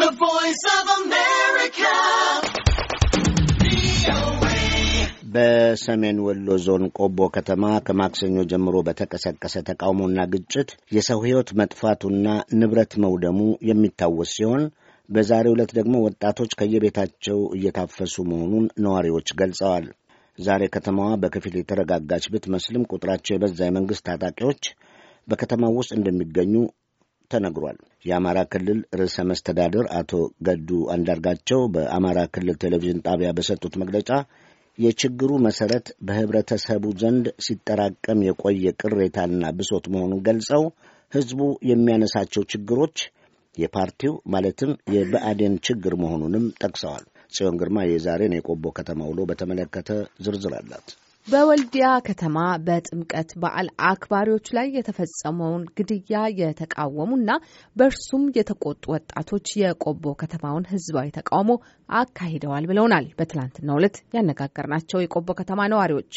The Voice of America. በሰሜን ወሎ ዞን ቆቦ ከተማ ከማክሰኞ ጀምሮ በተቀሰቀሰ ተቃውሞና ግጭት የሰው ሕይወት መጥፋቱና ንብረት መውደሙ የሚታወስ ሲሆን በዛሬ ዕለት ደግሞ ወጣቶች ከየቤታቸው እየታፈሱ መሆኑን ነዋሪዎች ገልጸዋል። ዛሬ ከተማዋ በከፊል የተረጋጋች ብትመስልም ቁጥራቸው የበዛ የመንግሥት ታጣቂዎች በከተማው ውስጥ እንደሚገኙ ተነግሯል። የአማራ ክልል ርዕሰ መስተዳድር አቶ ገዱ አንዳርጋቸው በአማራ ክልል ቴሌቪዥን ጣቢያ በሰጡት መግለጫ የችግሩ መሰረት በህብረተሰቡ ዘንድ ሲጠራቀም የቆየ ቅሬታና ብሶት መሆኑን ገልጸው ህዝቡ የሚያነሳቸው ችግሮች የፓርቲው ማለትም የብአዴን ችግር መሆኑንም ጠቅሰዋል። ጽዮን ግርማ የዛሬን የቆቦ ከተማ ውሎ በተመለከተ ዝርዝር አላት። በወልዲያ ከተማ በጥምቀት በዓል አክባሪዎች ላይ የተፈጸመውን ግድያ የተቃወሙና በእርሱም የተቆጡ ወጣቶች የቆቦ ከተማውን ሕዝባዊ ተቃውሞ አካሂደዋል ብለውናል። በትላንትናው ዕለት ያነጋገርናቸው የቆቦ ከተማ ነዋሪዎች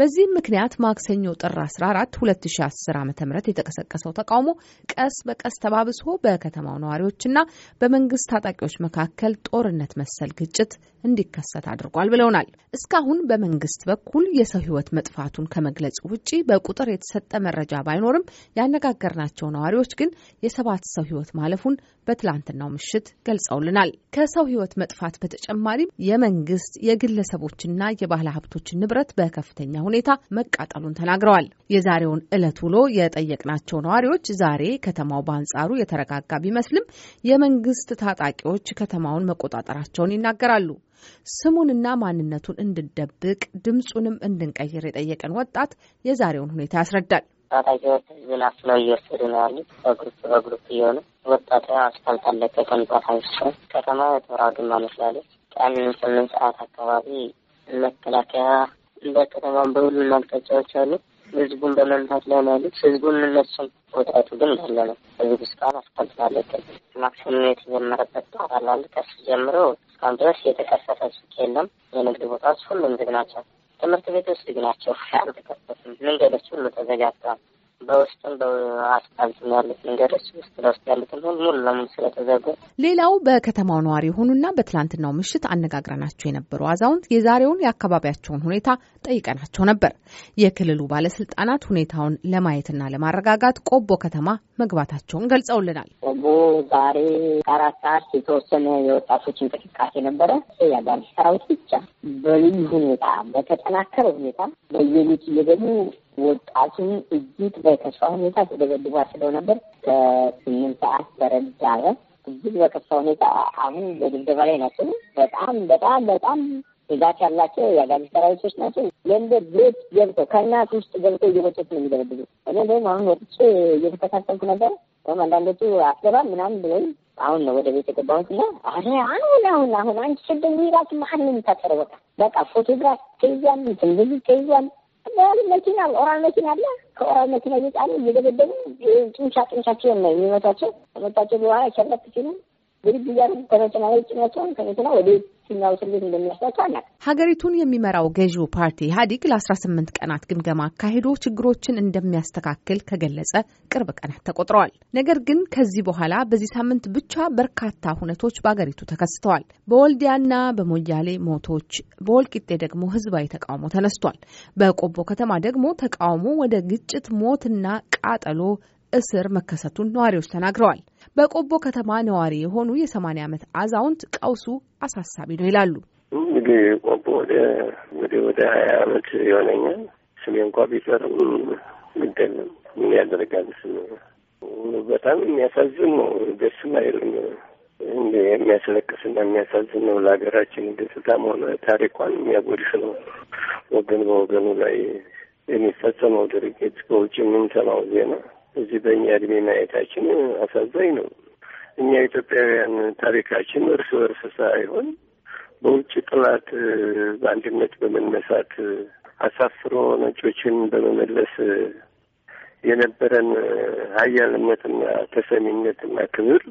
በዚህም ምክንያት ማክሰኞ ጥር 14 2010 ዓ ም የተቀሰቀሰው ተቃውሞ ቀስ በቀስ ተባብሶ በከተማው ነዋሪዎችና በመንግስት ታጣቂዎች መካከል ጦርነት መሰል ግጭት እንዲከሰት አድርጓል ብለውናል። እስካሁን በመንግስት በኩል የሰው ሕይወት መጥፋቱን ከመግለጽ ውጪ በቁጥር የተሰጠ መረጃ ባይኖርም ያነጋገርናቸው ነዋሪዎች ግን የሰባት ሰው ሕይወት ማለፉን በትላንትናው ምሽት ገልጸውልናል። ከሰው ሕይወት መጥፋት በተጨማሪም የመንግስት የግለሰቦችና የባህል ሀብቶች ንብረት በከፍተኛ ሁኔታ መቃጠሉን ተናግረዋል። የዛሬውን ዕለት ውሎ የጠየቅናቸው ነዋሪዎች ዛሬ ከተማው በአንጻሩ የተረጋጋ ቢመስልም የመንግስት ታጣቂዎች ከተማውን መቆጣጠራቸውን ይናገራሉ። ስሙንና ማንነቱን እንድንደብቅ ድምፁንም እንድንቀይር የጠየቀን ወጣት የዛሬውን ሁኔታ ያስረዳል። ታጣቂዎች እየወሰዱ ነው ያሉት። በግሩፕ በግሩፕ እየሆኑ ወጣቱ አስፋልት አለቀ ከተማ መስላለች። ቀን ስምንት ሰዓት አካባቢ መከላከያ በሁሉም አቅጣጫዎች አሉ። ህዝቡን በመምታት ላይ ነው ያሉት። ህዝቡን እነሱም ወጣቱ ግን እንዳለ ነው። ህዝቡ እስካሁን አስፋልት አለቀ። ማክሰኞ የተጀመረበት ጠዋት አላለ። ከሱ ጀምሮ እስካሁን ድረስ የተከፈተ ሱቅ የለም። የንግድ ቦታዎች ሁሉም ዝግ ናቸው። ትምህርት ቤቶች ዝግ ናቸው፣ አልተከፈቱም። መንገዶች ሁሉ ተዘጋግተዋል። በውስጥም ያሉት መንገዶች ውስጥ ለውስጥ ያሉትን ሁሉ ሙሉ ለሙሉ ስለተዘጉ። ሌላው በከተማው ነዋሪ የሆኑና በትላንትናው ምሽት አነጋግረናቸው የነበሩ አዛውንት የዛሬውን የአካባቢያቸውን ሁኔታ ጠይቀናቸው ነበር። የክልሉ ባለስልጣናት ሁኔታውን ለማየትና ለማረጋጋት ቆቦ ከተማ መግባታቸውን ገልጸውልናል። ቆቦ ዛሬ አራት ሰዓት የተወሰነ የወጣቶች እንቅስቃሴ ነበረ። ያጋሚ ሰራዊት ብቻ በልዩ ሁኔታ በተጠናከረ ሁኔታ በየቤት እየገቡ ወጣቱን እጅግ በከፋ ሁኔታ ተደበድባ ስለው ነበር። ከስምንት ሰዓት ተረዳበ። እጅግ በከፋ ሁኔታ አሁን በድብደባ ላይ ናቸው። በጣም በጣም በጣም ብዛት ያላቸው የአጋዚ ሰራዊቶች ናቸው። ለእንደ ቤት ገብተው ከእናት ውስጥ ገብተው እየወጡት ነው የሚደበድቡ። እኔ ደግሞ አሁን ወጥቼ እየተከታተልኩ ነበር። ወይም አንዳንዶቹ አስገባም ምናምን ብለኝ አሁን ነው ወደ ቤት የገባሁት ና አ አሁን አሁን አሁን አንቺ ስደኝ ራሱ መሀል ነው የምታጠረው። በቃ በቃ ፎቶግራፍ ተይዟል፣ ትንብዙ ተይዟል ኦራል መኪና ኦራል መኪና አለ። ከኦራል መኪና እየጫኑ እየደበደቡ ጡንቻ ጡንቻቸውን የሚመታቸው። ከመጣቸው በኋላ ሸብረት ሲሉ ዝግጅ እያደረጉ ከመኪና ላይ ጭኛቸውን ከመኪና ወደ የትኛው ስሌት እንደሚወስዳቸው አናውቅም። ሀገሪቱን የሚመራው ገዢው ፓርቲ ኢህአዲግ ለአስራ ስምንት ቀናት ግምገማ አካሂዶ ችግሮችን እንደሚያስተካክል ከገለጸ ቅርብ ቀናት ተቆጥረዋል። ነገር ግን ከዚህ በኋላ በዚህ ሳምንት ብቻ በርካታ ሁነቶች በሀገሪቱ ተከስተዋል። በወልዲያና በሞያሌ ሞቶች፣ በወልቂጤ ደግሞ ህዝባዊ ተቃውሞ ተነስቷል። በቆቦ ከተማ ደግሞ ተቃውሞ ወደ ግጭት፣ ሞትና ቃጠሎ፣ እስር መከሰቱን ነዋሪዎች ተናግረዋል። በቆቦ ከተማ ነዋሪ የሆኑ የሰማንያ ዓመት አዛውንት ቀውሱ አሳሳቢ ነው ይላሉ። እንግዲህ ቆቦ ወደ ወደ ወደ ሀያ ዓመት የሆነኛል። ስሜ እንኳ ቢጠርም ግደለም ምን ያደርጋል። በጣም የሚያሳዝን ነው። ደስም አይልም። እንደ የሚያስለቅስና የሚያሳዝን ነው። ለሀገራችን ገጽታም ሆነ ታሪኳን የሚያጎድፍ ነው። ወገን በወገኑ ላይ የሚፈጸመው ድርጊት፣ በውጭ የምንሰማው ዜና እዚህ በእኛ እድሜ ማየታችን አሳዛኝ ነው። እኛ ኢትዮጵያውያን ታሪካችን እርስ በርስ ሳይሆን በውጭ ጥላት በአንድነት በመነሳት አሳፍሮ ነጮችን በመመለስ የነበረን ሀያልነትና ተሰሚነትና ክብር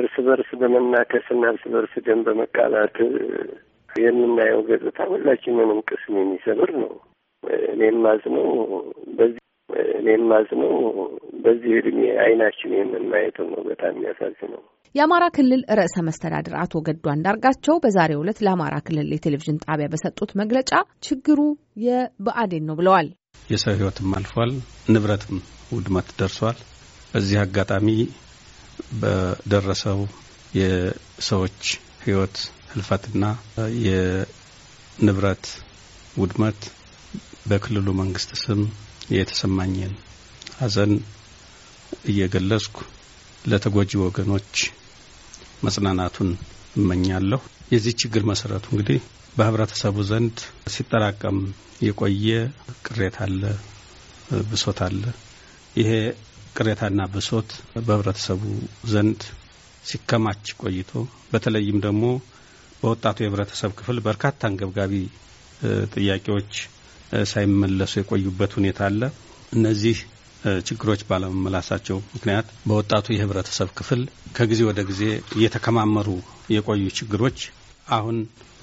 እርስ በርስ በመናከስና እርስ በርስ ደም በመቃላት የምናየው ገጽታ ሁላችንንም ቅስም የሚሰብር ነው። እኔም ማዝነው በዚህ እኔ የማዝነው በዚህ እድሜ አይናችን የምናየተው ነው። በጣም የሚያሳዝነው የአማራ ክልል ርዕሰ መስተዳድር አቶ ገዱ አንዳርጋቸው በዛሬው ዕለት ለአማራ ክልል የቴሌቪዥን ጣቢያ በሰጡት መግለጫ ችግሩ የብአዴን ነው ብለዋል። የሰው ህይወትም አልፏል፣ ንብረትም ውድመት ደርሷል። በዚህ አጋጣሚ በደረሰው የሰዎች ህይወት ህልፈትና የንብረት ውድመት በክልሉ መንግስት ስም የተሰማኝን ሐዘን እየገለጽኩ ለተጎጂ ወገኖች መጽናናቱን እመኛለሁ። የዚህ ችግር መሰረቱ እንግዲህ በህብረተሰቡ ዘንድ ሲጠራቀም የቆየ ቅሬታ አለ፣ ብሶት አለ። ይሄ ቅሬታና ብሶት በህብረተሰቡ ዘንድ ሲከማች ቆይቶ በተለይም ደግሞ በወጣቱ የህብረተሰብ ክፍል በርካታ አንገብጋቢ ጥያቄዎች ሳይመለሱ የቆዩበት ሁኔታ አለ። እነዚህ ችግሮች ባለመመላሳቸው ምክንያት በወጣቱ የህብረተሰብ ክፍል ከጊዜ ወደ ጊዜ እየተከማመሩ የቆዩ ችግሮች አሁን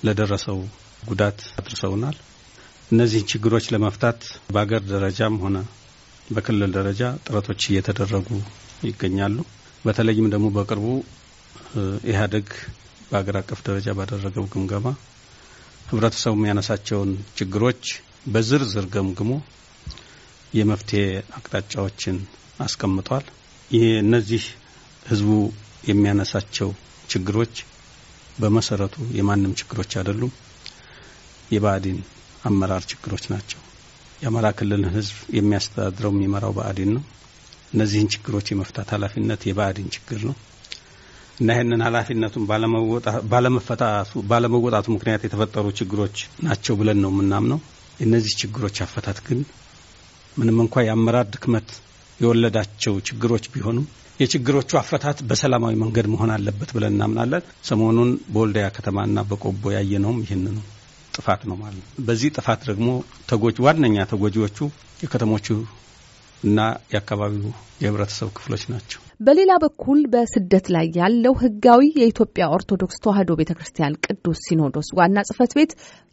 ለደረሰው ጉዳት አድርሰውናል። እነዚህን ችግሮች ለመፍታት በአገር ደረጃም ሆነ በክልል ደረጃ ጥረቶች እየተደረጉ ይገኛሉ። በተለይም ደግሞ በቅርቡ ኢህአዴግ በአገር አቀፍ ደረጃ ባደረገው ግምገማ ህብረተሰቡ የሚያነሳቸውን ችግሮች በዝርዝር ገምግሞ የመፍትሄ አቅጣጫዎችን አስቀምጧል። እነዚህ ህዝቡ የሚያነሳቸው ችግሮች በመሰረቱ የማንም ችግሮች አይደሉም። የብአዴን አመራር ችግሮች ናቸው። የአማራ ክልልን ህዝብ የሚያስተዳድረው የሚመራው ብአዴን ነው። እነዚህን ችግሮች የመፍታት ኃላፊነት የብአዴን ችግር ነው እና ይህንን ኃላፊነቱን ባለመወጣቱ ምክንያት የተፈጠሩ ችግሮች ናቸው ብለን ነው የምናምነው። የእነዚህ ችግሮች አፈታት ግን ምንም እንኳ የአመራር ድክመት የወለዳቸው ችግሮች ቢሆኑም የችግሮቹ አፈታት በሰላማዊ መንገድ መሆን አለበት ብለን እናምናለን። ሰሞኑን በወልዳያ ከተማና በቆቦ ያየነውም ይህንኑ ጥፋት ነው ማለት ነው። በዚህ ጥፋት ደግሞ ተጎጂ ዋነኛ ተጎጂዎቹ የከተሞቹ እና የአካባቢው የህብረተሰብ ክፍሎች ናቸው። በሌላ በኩል በስደት ላይ ያለው ህጋዊ የኢትዮጵያ ኦርቶዶክስ ተዋሕዶ ቤተ ክርስቲያን ቅዱስ ሲኖዶስ ዋና ጽህፈት ቤት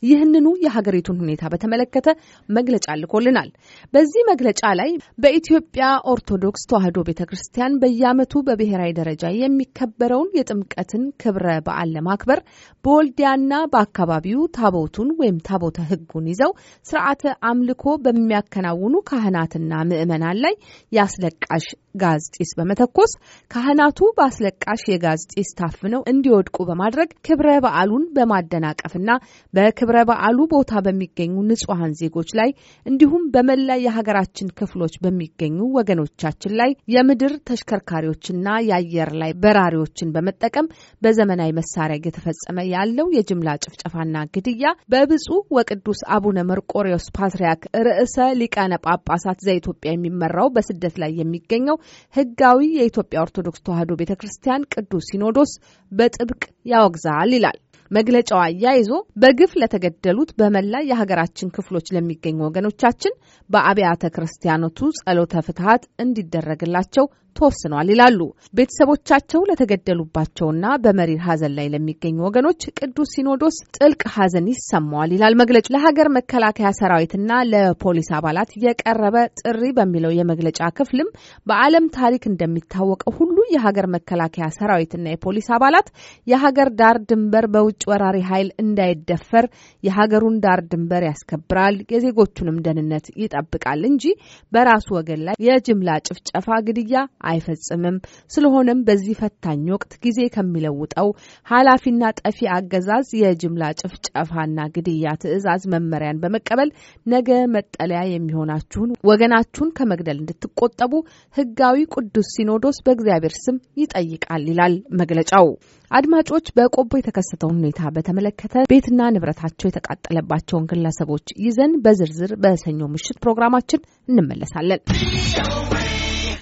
ይህንኑ የሀገሪቱን ሁኔታ በተመለከተ መግለጫ ልኮልናል። በዚህ መግለጫ ላይ በኢትዮጵያ ኦርቶዶክስ ተዋሕዶ ቤተ ክርስቲያን በየዓመቱ በብሔራዊ ደረጃ የሚከበረውን የጥምቀትን ክብረ በዓል ለማክበር በወልዲያና በአካባቢው ታቦቱን ወይም ታቦተ ህጉን ይዘው ስርዓተ አምልኮ በሚያከናውኑ ካህናትና ምዕመናን ላይ የአስለቃሽ ጋዝ ጢስ በመተኮ በመተኮስ ካህናቱ በአስለቃሽ የጋዝ ጭስ ታፍነው እንዲወድቁ በማድረግ ክብረ በዓሉን በማደናቀፍና በክብረ በዓሉ ቦታ በሚገኙ ንጹሐን ዜጎች ላይ እንዲሁም በመላ የሀገራችን ክፍሎች በሚገኙ ወገኖቻችን ላይ የምድር ተሽከርካሪዎችና የአየር ላይ በራሪዎችን በመጠቀም በዘመናዊ መሳሪያ እየተፈጸመ ያለው የጅምላ ጭፍጨፋና ግድያ በብፁዕ ወቅዱስ አቡነ መርቆሪዎስ ፓትርያርክ ርዕሰ ሊቃነ ጳጳሳት ዘኢትዮጵያ የሚመራው በስደት ላይ የሚገኘው ህጋዊ የኢትዮጵያ ኦርቶዶክስ ተዋሕዶ ቤተ ክርስቲያን ቅዱስ ሲኖዶስ በጥብቅ ያወግዛል ይላል። መግለጫው አያይዞ በግፍ ለተገደሉት በመላ የሀገራችን ክፍሎች ለሚገኙ ወገኖቻችን በአብያተ ክርስቲያኖቱ ጸሎተ ፍትሐት እንዲደረግላቸው ተወስኗል ይላሉ። ቤተሰቦቻቸው ለተገደሉባቸውና በመሪር ሀዘን ላይ ለሚገኙ ወገኖች ቅዱስ ሲኖዶስ ጥልቅ ሀዘን ይሰማዋል ይላል መግለጫ። ለሀገር መከላከያ ሰራዊትና ለፖሊስ አባላት የቀረበ ጥሪ በሚለው የመግለጫ ክፍልም በዓለም ታሪክ እንደሚታወቀው ሁሉ የሀገር መከላከያ ሰራዊትና የፖሊስ አባላት የሀገር ዳር ድንበር በውጭ የውጭ ወራሪ ኃይል እንዳይደፈር የሀገሩን ዳር ድንበር ያስከብራል፣ የዜጎቹንም ደህንነት ይጠብቃል እንጂ በራሱ ወገን ላይ የጅምላ ጭፍጨፋ፣ ግድያ አይፈጽምም። ስለሆነም በዚህ ፈታኝ ወቅት ጊዜ ከሚለውጠው ኃላፊና ጠፊ አገዛዝ የጅምላ ጭፍጨፋና ግድያ ትዕዛዝ መመሪያን በመቀበል ነገ መጠለያ የሚሆናችሁን ወገናችሁን ከመግደል እንድትቆጠቡ ህጋዊ ቅዱስ ሲኖዶስ በእግዚአብሔር ስም ይጠይቃል ይላል መግለጫው። አድማጮች በቆቦ የተከሰተውን ሁኔታ በተመለከተ ቤትና ንብረታቸው የተቃጠለባቸውን ግለሰቦች ይዘን በዝርዝር በሰኞ ምሽት ፕሮግራማችን እንመለሳለን።